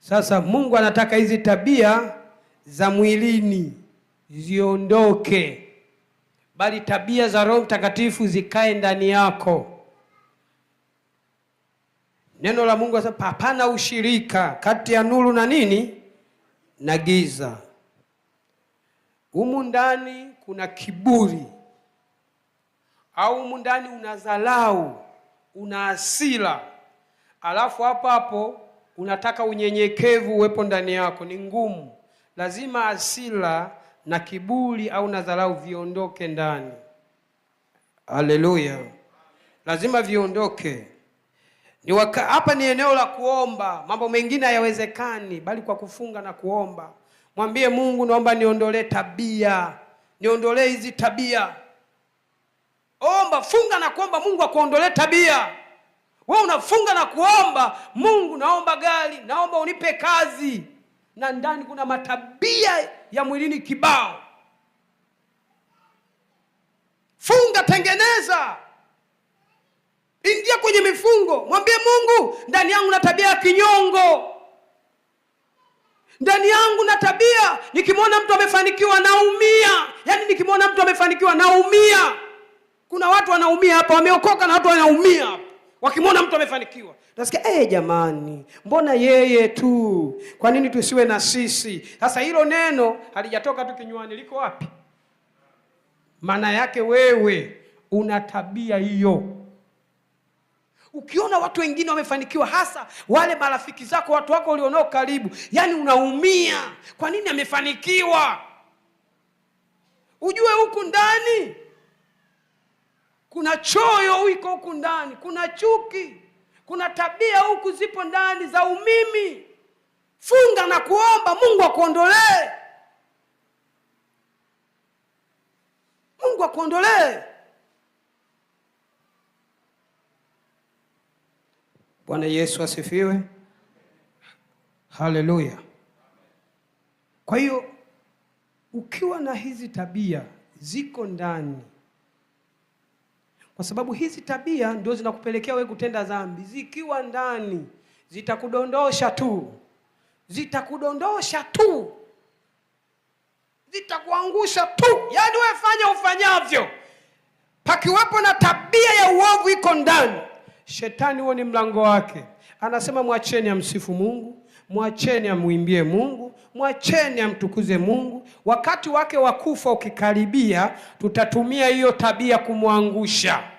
Sasa Mungu anataka hizi tabia za mwilini ziondoke, bali tabia za Roho Mtakatifu zikae ndani yako. Neno la Mungu asema hapana ushirika kati ya nuru na nini na giza. Humu ndani kuna kiburi au humu ndani una dharau, una hasira, alafu hapo hapo unataka unyenyekevu uwepo ndani yako, ni ngumu. Lazima asila na kiburi au na dharau viondoke ndani. Haleluya, lazima viondoke. Ni waka, hapa ni eneo la kuomba. Mambo mengine hayawezekani bali kwa kufunga na kuomba. Mwambie Mungu, naomba niondolee tabia, niondolee hizi tabia. Omba, funga na kuomba Mungu akuondolee tabia wewe unafunga na kuomba, Mungu naomba gari, naomba unipe kazi, na ndani kuna matabia ya mwilini kibao. Funga, tengeneza, ingia kwenye mifungo, mwambie Mungu, ndani yangu na tabia ya kinyongo ndani yangu na tabia, nikimwona mtu amefanikiwa naumia. Yaani nikimwona mtu amefanikiwa naumia. Kuna watu wanaumia hapa, wameokoka na watu wanaumia hapa wakimwona mtu amefanikiwa, utasikia hey, eh, jamani, mbona yeye tu? Kwa nini tusiwe na sisi? Sasa hilo neno halijatoka tu kinywani, liko wapi? Maana yake wewe una tabia hiyo. Ukiona watu wengine wamefanikiwa, hasa wale marafiki zako, watu wako ulionao karibu, yani unaumia, kwa nini amefanikiwa? Ujue huku ndani kuna choyo wiko huku ndani, kuna chuki, kuna tabia huku zipo ndani za umimi. Funga na kuomba Mungu akuondolee, Mungu akuondolee. Bwana Yesu asifiwe, haleluya. Kwa hiyo ukiwa na hizi tabia ziko ndani kwa sababu hizi tabia ndio zinakupelekea wewe kutenda dhambi. Zikiwa ndani zitakudondosha tu, zitakudondosha tu, zitakuangusha tu. Yaani wewe fanya ufanyavyo, pakiwapo na tabia ya uovu iko ndani, shetani huo ni mlango wake. Anasema mwacheni amsifu Mungu, mwacheni amwimbie Mungu Mwacheni amtukuze Mungu. Wakati wake wa kufa ukikaribia, tutatumia hiyo tabia kumwangusha.